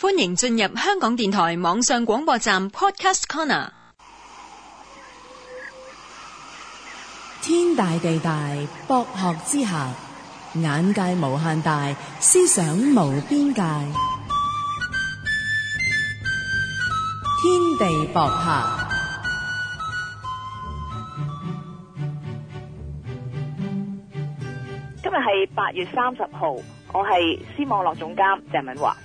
歡迎進入香港電台網上廣播站 Podcast Corner。天大地大，博學之下，眼界無限大，思想無邊界。天地博客，今日係八月三十號，我係思網絡總監鄭敏華。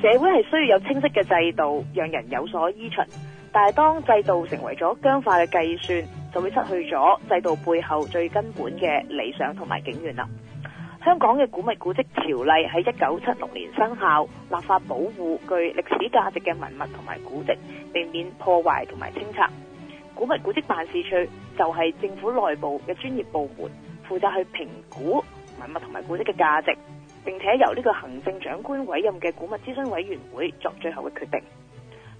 社會係需要有清晰嘅制度，讓人有所依循。但係當制度成為咗僵化嘅計算，就會失去咗制度背後最根本嘅理想同埋願景啦。香港嘅古物古蹟條例喺一九七六年生效，立法保護具歷史價值嘅文物同埋古蹟，避免破壞同埋清拆。古物古蹟辦事處就係政府內部嘅專業部門，負責去評估文物同埋古蹟嘅價值。並且由呢個行政長官委任嘅古物諮詢委員會作最後嘅決定。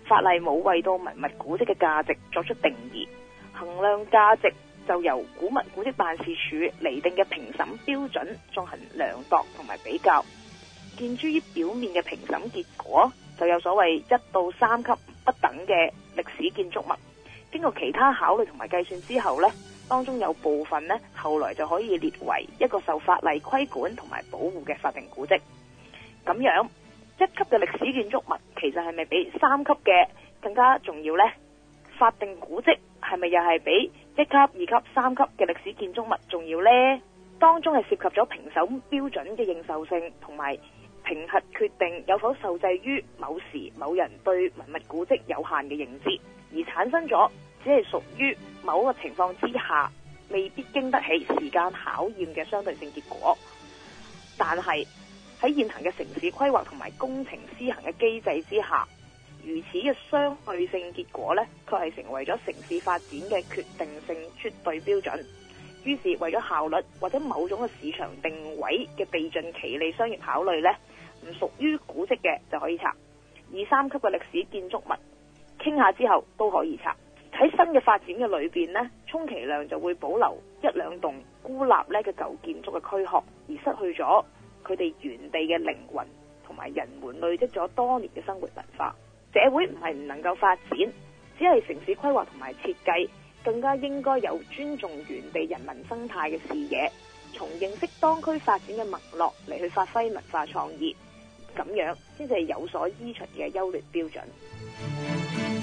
法例冇為到文物古蹟嘅價值作出定義，衡量價值就由古物古蹟辦事處釐定嘅評審標準進行量度同埋比較。見諸於表面嘅評審結果，就有所謂一到三級不等嘅歷史建築物。經過其他考慮同埋計算之後呢。當中有部分呢後來就可以列為一個受法例規管同埋保護嘅法定古蹟。咁樣一級嘅歷史建築物，其實係咪比三級嘅更加重要呢？法定古蹟係咪又係比一級、二級、三級嘅歷史建築物重要呢？當中係涉及咗評審標準嘅認受性，同埋評核決定有否受制於某時某人對文物古蹟有限嘅認知，而產生咗。即係屬於某個情況之下，未必經得起時間考驗嘅相對性結果。但係喺現行嘅城市規劃同埋工程施行嘅機制之下，如此嘅相對性結果呢，卻係成為咗城市發展嘅決定性絕對標準。於是為咗效率或者某種嘅市場定位嘅避盡其利商業考慮呢，唔屬於古跡嘅就可以拆，二三級嘅歷史建築物，傾下之後都可以拆。喺新嘅發展嘅裏邊呢，充其量就會保留一兩棟孤立呢嘅舊建築嘅軀殼，而失去咗佢哋原地嘅靈魂同埋人們累積咗多年嘅生活文化。社會唔係唔能夠發展，只係城市規劃同埋設計更加應該有尊重原地人民生態嘅視野，從認識當區發展嘅脈絡嚟去發揮文化創意，咁樣先至係有所依循嘅優劣標準。